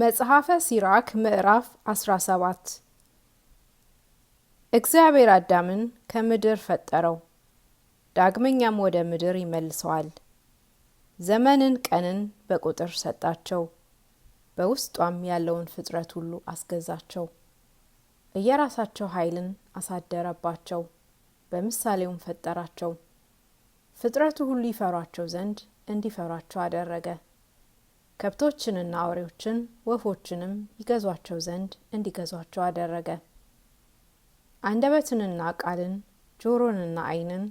መጽሐፈ ሲራክ ምዕራፍ 17 እግዚአብሔር አዳምን ከምድር ፈጠረው፣ ዳግመኛም ወደ ምድር ይመልሰዋል። ዘመንን ቀንን በቁጥር ሰጣቸው፣ በውስጧም ያለውን ፍጥረት ሁሉ አስገዛቸው። እየራሳቸው ኃይልን አሳደረባቸው፣ በምሳሌውም ፈጠራቸው። ፍጥረቱ ሁሉ ይፈሯቸው ዘንድ እንዲፈሯቸው አደረገ። ከብቶችንና አውሬዎችን ወፎችንም ይገዟቸው ዘንድ እንዲገዟቸው አደረገ። አንደበትንና ቃልን ጆሮንና አይንን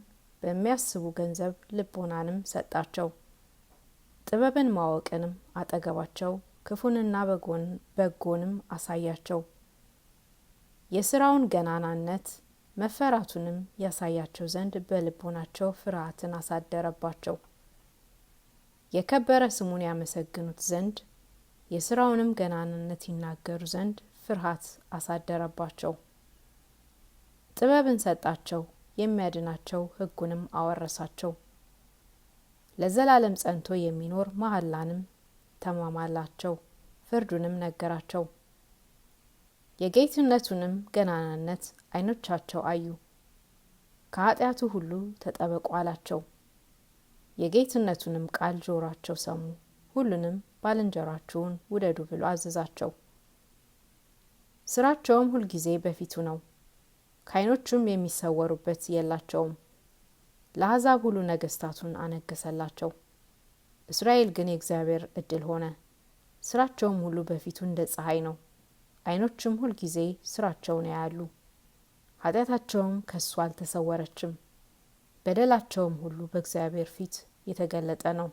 በሚያስቡ ገንዘብ ልቦናንም ሰጣቸው። ጥበብን ማወቅንም አጠገባቸው ክፉንና በጎንም አሳያቸው። የስራውን ገናናነት መፈራቱንም ያሳያቸው ዘንድ በልቦናቸው ፍርሃትን አሳደረባቸው። የከበረ ስሙን ያመሰግኑት ዘንድ የስራውንም ገናንነት ይናገሩ ዘንድ ፍርሃት አሳደረባቸው። ጥበብን ሰጣቸው፣ የሚያድናቸው ሕጉንም አወረሳቸው። ለዘላለም ጸንቶ የሚኖር መሐላንም ተማማላቸው፣ ፍርዱንም ነገራቸው። የጌትነቱንም ገናንነት ዓይኖቻቸው አዩ። ከኃጢአቱ ሁሉ ተጠበቁ አላቸው። የጌትነቱንም ቃል ጆሯቸው ሰሙ። ሁሉንም ባልንጀራችሁን ውደዱ ብሎ አዘዛቸው። ስራቸውም ሁልጊዜ በፊቱ ነው፣ ከዓይኖቹም የሚሰወሩበት የላቸውም። ለአሕዛብ ሁሉ ነገስታቱን አነገሰላቸው። እስራኤል ግን የእግዚአብሔር እድል ሆነ። ስራቸውም ሁሉ በፊቱ እንደ ፀሐይ ነው፣ ዓይኖቹም ሁልጊዜ ስራቸውን ያያሉ። ኃጢአታቸውም ከእሱ አልተሰወረችም። በደላቸውም ሁሉ በእግዚአብሔር ፊት የተገለጠ ነው።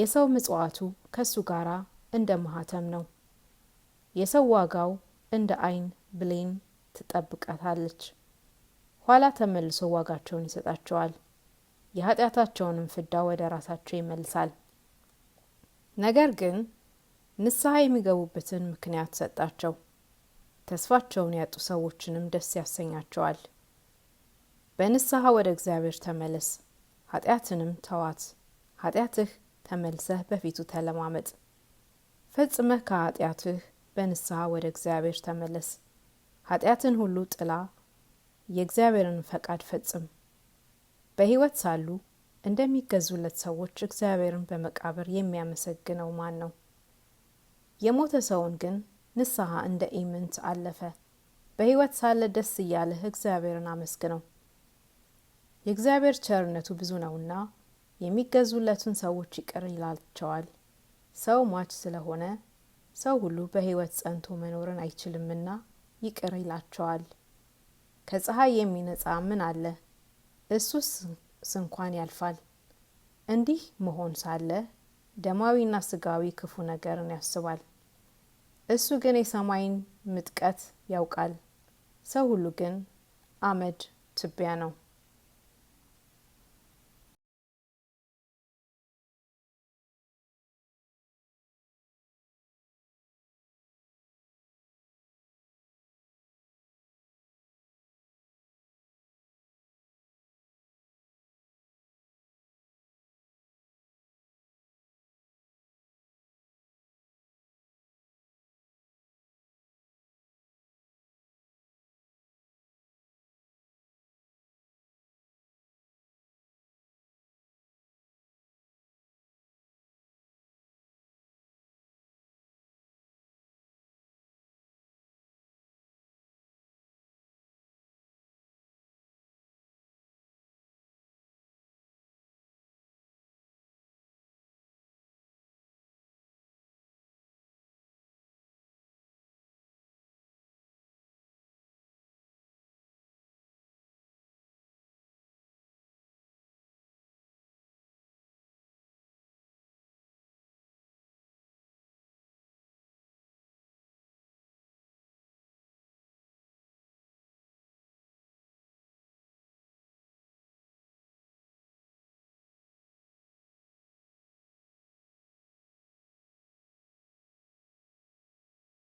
የሰው ምጽዋቱ ከሱ ጋራ እንደ ማህተም ነው። የሰው ዋጋው እንደ አይን ብሌን ትጠብቃታለች። ኋላ ተመልሶ ዋጋቸውን ይሰጣቸዋል። የኃጢአታቸውንም ፍዳ ወደ ራሳቸው ይመልሳል። ነገር ግን ንስሐ የሚገቡበትን ምክንያት ሰጣቸው። ተስፋቸውን ያጡ ሰዎችንም ደስ ያሰኛቸዋል። በንስሐ ወደ እግዚአብሔር ተመለስ። ኃጢአትንም ተዋት፣ ኃጢአትህ ተመልሰህ በፊቱ ተለማመጥ፣ ፈጽመህ ከኃጢአትህ በንስሐ ወደ እግዚአብሔር ተመለስ። ኃጢአትን ሁሉ ጥላ፣ የእግዚአብሔርን ፈቃድ ፈጽም። በሕይወት ሳሉ እንደሚገዙለት ሰዎች እግዚአብሔርን በመቃብር የሚያመሰግነው ማን ነው? የሞተ ሰውን ግን ንስሐ እንደ ኢምንት አለፈ። በሕይወት ሳለ ደስ እያለህ እግዚአብሔርን አመስግነው። የእግዚአብሔር ቸርነቱ ብዙ ነውና የሚገዙለትን ሰዎች ይቅር ይላቸዋል። ሰው ሟች ስለሆነ ሰው ሁሉ በሕይወት ጸንቶ መኖርን አይችልምና ይቅር ይላቸዋል። ከፀሐይ የሚነጻ ምን አለ? እሱስ ስንኳን ያልፋል። እንዲህ መሆን ሳለ ደማዊና ስጋዊ ክፉ ነገርን ያስባል። እሱ ግን የሰማይን ምጥቀት ያውቃል። ሰው ሁሉ ግን አመድ ትቢያ ነው።